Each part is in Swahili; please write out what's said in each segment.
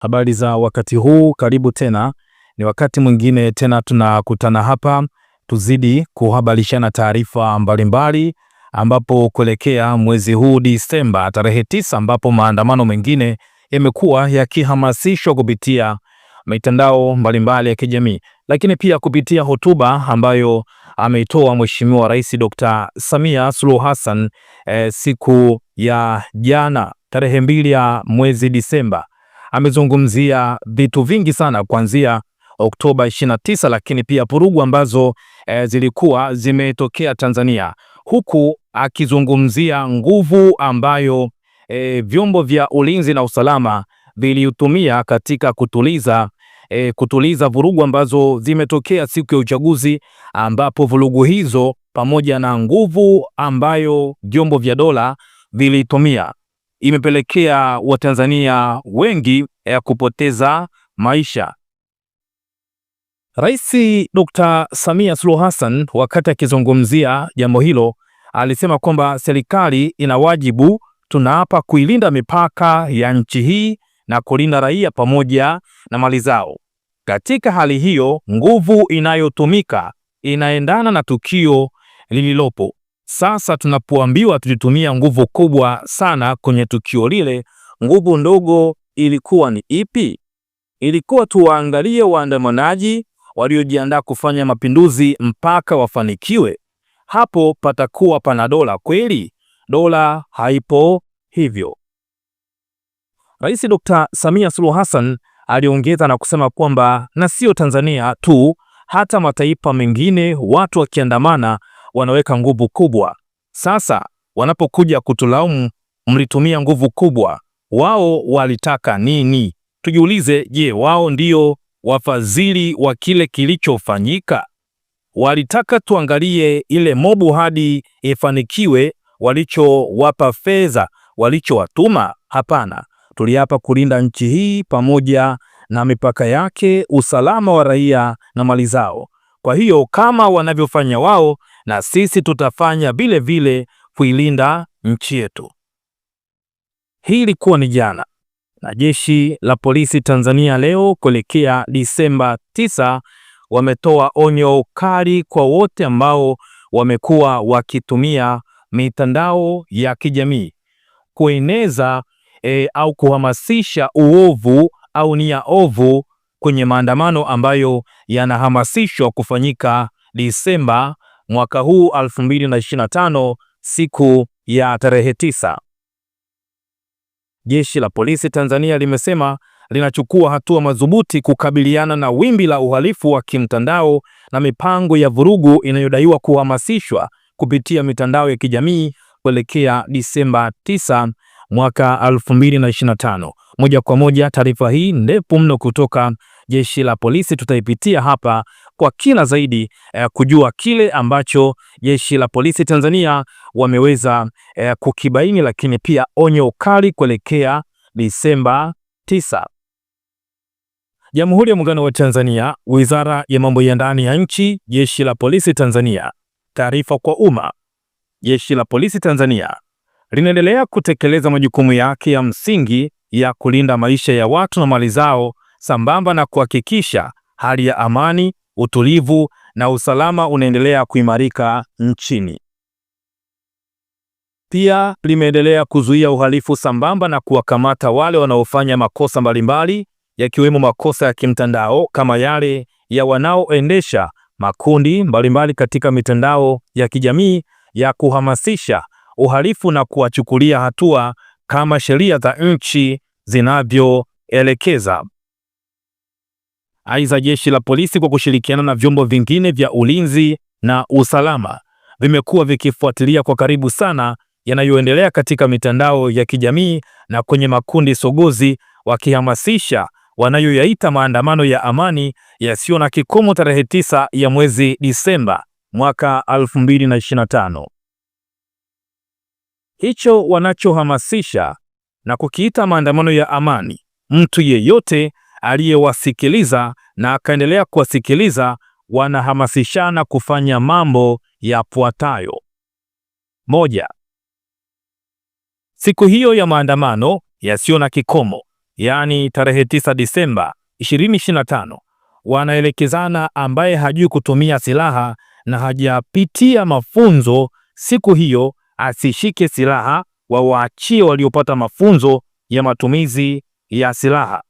Habari za wakati huu, karibu tena. Ni wakati mwingine tena tunakutana hapa tuzidi kuhabarishana taarifa mbalimbali, ambapo kuelekea mwezi huu Disemba tarehe tisa, ambapo maandamano mengine yamekuwa yakihamasishwa kupitia mitandao mbalimbali ya kijamii, lakini pia kupitia hotuba ambayo ameitoa Mheshimiwa Rais Dr. Samia Suluhu Hassan e, siku ya jana tarehe mbili ya mwezi Disemba amezungumzia vitu vingi sana kuanzia Oktoba 29 lakini pia vurugu ambazo e, zilikuwa zimetokea Tanzania, huku akizungumzia nguvu ambayo e, vyombo vya ulinzi na usalama vilitumia katika kutuliza e, kutuliza vurugu ambazo zimetokea siku ya uchaguzi, ambapo vurugu hizo pamoja na nguvu ambayo vyombo vya dola vilitumia imepelekea Watanzania wengi ya eh, kupoteza maisha. Rais Dr. Samia Suluhu Hassan wakati akizungumzia jambo hilo alisema kwamba serikali ina wajibu, tunaapa kuilinda mipaka ya nchi hii na kulinda raia pamoja na mali zao. Katika hali hiyo, nguvu inayotumika inaendana na tukio lililopo. Sasa tunapoambiwa tulitumia nguvu kubwa sana kwenye tukio lile, nguvu ndogo ilikuwa ni ipi? Ilikuwa tuwaangalie waandamanaji waliojiandaa kufanya mapinduzi mpaka wafanikiwe? Hapo patakuwa pana dola kweli? Dola haipo hivyo. Rais Dr. Samia Suluhu Hassan aliongeza na kusema kwamba na sio Tanzania tu, hata mataifa mengine watu wakiandamana wanaweka nguvu kubwa. Sasa wanapokuja kutulaumu, mlitumia nguvu kubwa, wao walitaka nini? Tujiulize, je, wao ndio wafadhili wa kile kilichofanyika? Walitaka tuangalie ile mobu hadi ifanikiwe walichowapa fedha, walichowatuma? Hapana, tuliapa kulinda nchi hii pamoja na mipaka yake, usalama wa raia na mali zao. Kwa hiyo kama wanavyofanya wao, na sisi tutafanya vile vile kuilinda nchi yetu. Hii ilikuwa ni jana, na jeshi la polisi Tanzania leo kuelekea Disemba 9 wametoa onyo kali kwa wote ambao wamekuwa wakitumia mitandao ya kijamii kueneza e, au kuhamasisha uovu au nia ovu kwenye maandamano ambayo yanahamasishwa kufanyika Disemba mwaka huu 2025 siku ya tarehe tisa. Jeshi la Polisi Tanzania limesema linachukua hatua madhubuti kukabiliana na wimbi la uhalifu wa kimtandao na mipango ya vurugu inayodaiwa kuhamasishwa kupitia mitandao ya kijamii kuelekea Disemba 9 mwaka 2025. Moja kwa moja taarifa hii ndefu mno kutoka jeshi la polisi tutaipitia hapa kwa kina zaidi eh, kujua kile ambacho jeshi la polisi Tanzania wameweza eh, kukibaini, lakini pia onyo kali kuelekea Disemba 9. Jamhuri ya Muungano wa Tanzania, Wizara ya Mambo ya Ndani ya Nchi, Jeshi la Polisi Tanzania. Taarifa kwa umma. Jeshi la Polisi Tanzania linaendelea kutekeleza majukumu yake ya msingi ya kulinda maisha ya watu na mali zao sambamba na kuhakikisha hali ya amani utulivu na usalama unaendelea kuimarika nchini. Pia limeendelea kuzuia uhalifu sambamba na kuwakamata wale wanaofanya makosa mbalimbali yakiwemo makosa ya kimtandao kama yale ya wanaoendesha makundi mbalimbali mbali katika mitandao ya kijamii ya kuhamasisha uhalifu na kuwachukulia hatua kama sheria za nchi zinavyoelekeza. Aidha, jeshi la polisi kwa kushirikiana na vyombo vingine vya ulinzi na usalama vimekuwa vikifuatilia kwa karibu sana yanayoendelea katika mitandao ya kijamii na kwenye makundi sogozi, wakihamasisha wanayoyaita maandamano ya amani yasiyo na kikomo tarehe 9 ya mwezi Disemba mwaka 2025. Hicho wanachohamasisha na kukiita maandamano ya amani, mtu yeyote aliyewasikiliza na akaendelea kuwasikiliza, wanahamasishana kufanya mambo yafuatayo. Moja, siku hiyo ya maandamano yasiyo na kikomo, yaani tarehe 9 Disemba 2025, wanaelekezana ambaye hajui kutumia silaha na hajapitia mafunzo siku hiyo asishike silaha, wawaachie waliopata mafunzo ya matumizi ya silaha.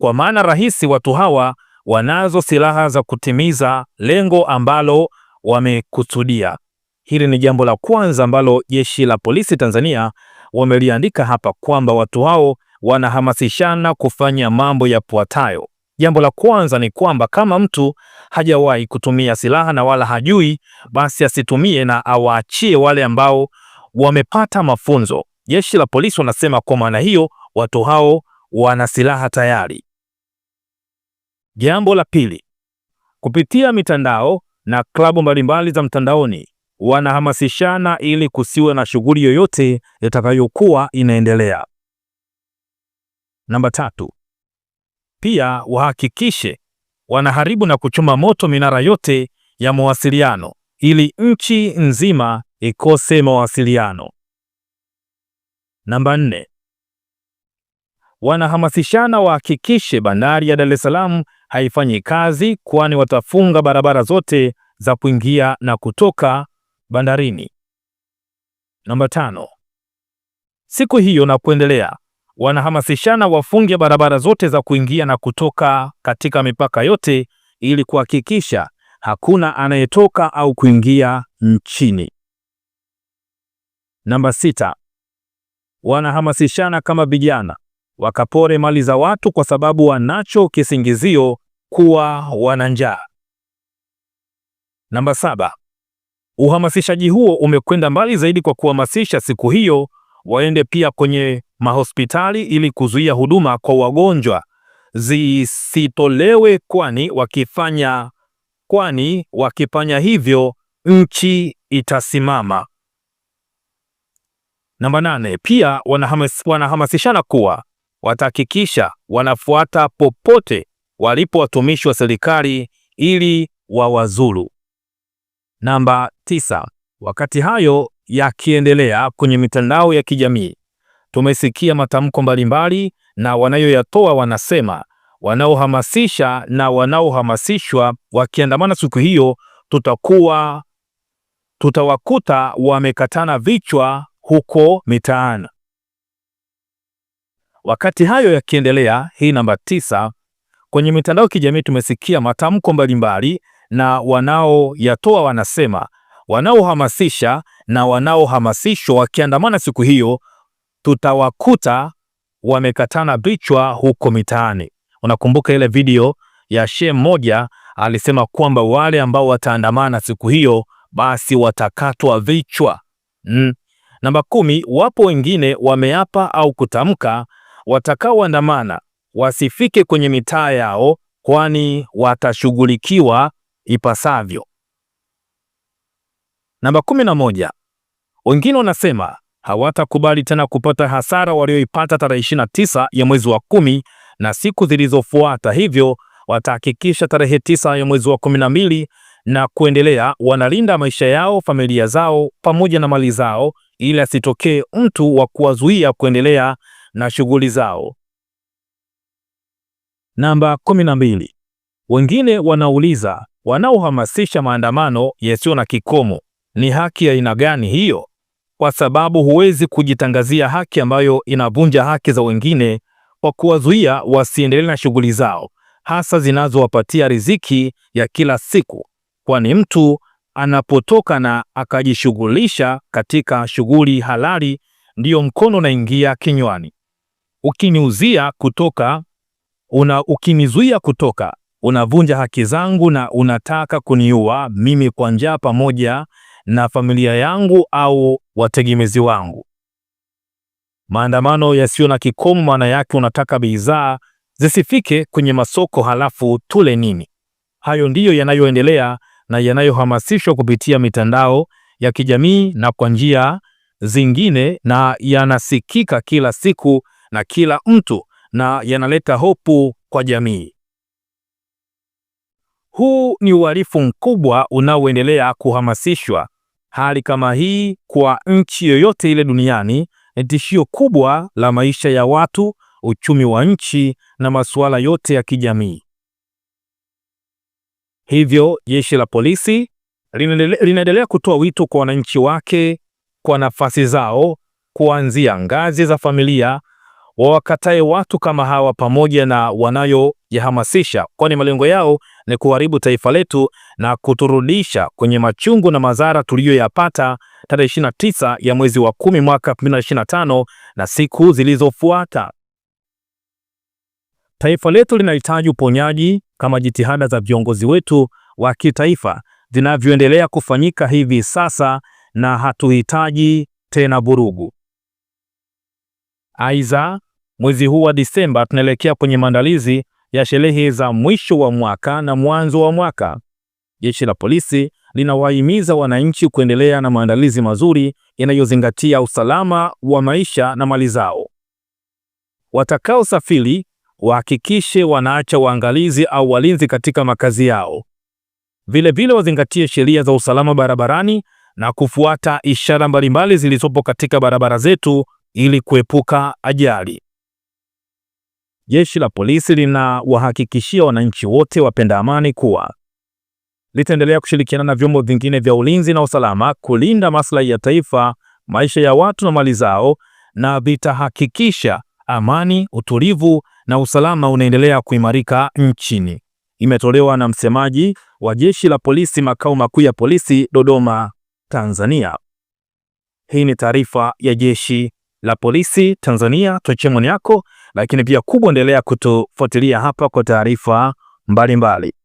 Kwa maana rahisi, watu hawa wanazo silaha za kutimiza lengo ambalo wamekusudia. Hili ni jambo la kwanza ambalo jeshi la polisi Tanzania wameliandika hapa kwamba watu hao wanahamasishana kufanya mambo yafuatayo. Jambo la kwanza ni kwamba kama mtu hajawahi kutumia silaha na wala hajui, basi asitumie na awaachie wale ambao wamepata mafunzo. Jeshi la polisi wanasema kwa maana hiyo watu hao wana silaha tayari. Jambo la pili, kupitia mitandao na klabu mbalimbali za mtandaoni wanahamasishana ili kusiwe na shughuli yoyote itakayokuwa inaendelea. Namba tatu, pia wahakikishe wanaharibu na kuchoma moto minara yote ya mawasiliano ili nchi nzima ikose mawasiliano. Namba nne, wanahamasishana wahakikishe bandari ya Dar es Salaam haifanyi kazi, kwani watafunga barabara zote za kuingia na kutoka bandarini. Namba tano. Siku hiyo na kuendelea, wanahamasishana wafunge barabara zote za kuingia na kutoka katika mipaka yote ili kuhakikisha hakuna anayetoka au kuingia nchini. Namba sita. Wanahamasishana kama vijana wakapore mali za watu kwa sababu wanacho kisingizio kuwa wana njaa. Namba saba, uhamasishaji huo umekwenda mbali zaidi kwa kuhamasisha siku hiyo waende pia kwenye mahospitali ili kuzuia huduma kwa wagonjwa zisitolewe, kwani wakifanya kwani wakifanya hivyo nchi itasimama. Namba nane, pia wanahamasishana kuwa watahakikisha wanafuata popote walipo watumishi wa serikali ili wawazuru. Namba tisa. Wakati hayo yakiendelea kwenye mitandao ya kijamii, tumesikia matamko mbalimbali na wanayoyatoa wanasema wanaohamasisha na wanaohamasishwa wakiandamana siku hiyo, tutakuwa tutawakuta wamekatana vichwa huko mitaani. Wakati hayo yakiendelea, hii namba tisa, kwenye mitandao ya kijamii tumesikia matamko mbalimbali, na wanaoyatoa wanasema wanaohamasisha na wanaohamasishwa wakiandamana siku hiyo tutawakuta wamekatana vichwa huko mitaani. Unakumbuka ile video ya shehe mmoja alisema kwamba wale ambao wataandamana siku hiyo basi watakatwa vichwa mm. Namba kumi, wapo wengine wameapa au kutamka watakaoandamana wasifike kwenye mitaa yao, kwani watashughulikiwa ipasavyo. Namba 11. Wengine wanasema hawatakubali tena kupata hasara walioipata tarehe 29 ya mwezi wa kumi na siku zilizofuata, hivyo watahakikisha tarehe tisa ya mwezi wa mbili na kuendelea wanalinda maisha yao, familia zao pamoja na mali zao, ili asitokee mtu wa kuwazuia kuendelea na shughuli zao. Namba 12. Wengine wanauliza, wanaohamasisha maandamano yasiyo na kikomo ni haki ya aina gani hiyo? Kwa sababu huwezi kujitangazia haki ambayo inavunja haki za wengine kwa kuwazuia wasiendelee na shughuli zao, hasa zinazowapatia riziki ya kila siku, kwani mtu anapotoka na akajishughulisha katika shughuli halali, ndiyo mkono unaingia kinywani ukiniuzia kutoka una, ukinizuia kutoka unavunja haki zangu na unataka kuniua mimi kwa njaa pamoja na familia yangu au wategemezi wangu. Maandamano yasiyo na kikomo, maana yake unataka bidhaa zisifike kwenye masoko, halafu tule nini? Hayo ndiyo yanayoendelea na yanayohamasishwa kupitia mitandao ya kijamii na kwa njia zingine, na yanasikika kila siku na kila mtu na yanaleta hofu kwa jamii. Huu ni uhalifu mkubwa unaoendelea kuhamasishwa. Hali kama hii kwa nchi yoyote ile duniani ni tishio kubwa la maisha ya watu, uchumi wa nchi na masuala yote ya kijamii. Hivyo jeshi la polisi linaendelea kutoa wito kwa wananchi wake kwa nafasi zao kuanzia ngazi za familia wawakatae watu kama hawa pamoja na wanayoyahamasisha, kwani malengo yao ni kuharibu taifa letu na kuturudisha kwenye machungu na madhara tuliyoyapata tarehe 29 ya mwezi wa 10 mwaka 2025 na siku zilizofuata. Taifa letu linahitaji uponyaji kama jitihada za viongozi wetu wa kitaifa zinavyoendelea kufanyika hivi sasa, na hatuhitaji tena vurugu. Aidha, Mwezi huu wa Disemba tunaelekea kwenye maandalizi ya sherehe za mwisho wa mwaka na mwanzo wa mwaka. Jeshi la polisi linawahimiza wananchi kuendelea na maandalizi mazuri yanayozingatia usalama wa maisha na mali zao. Watakaosafiri wahakikishe wanaacha waangalizi au walinzi katika makazi yao. Vilevile wazingatie sheria za usalama barabarani na kufuata ishara mbalimbali zilizopo katika barabara zetu ili kuepuka ajali. Jeshi la polisi linawahakikishia wananchi wote wapenda amani kuwa litaendelea kushirikiana na vyombo vingine vya ulinzi na usalama kulinda maslahi ya taifa, maisha ya watu na mali zao, na vitahakikisha amani, utulivu na usalama unaendelea kuimarika nchini. Imetolewa na msemaji wa jeshi la polisi makao makuu ya polisi Dodoma, Tanzania. Hii ni taarifa ya jeshi la polisi Tanzania. Tuachie maoni yako lakini pia kubwa, endelea kutufuatilia hapa kwa taarifa mbalimbali.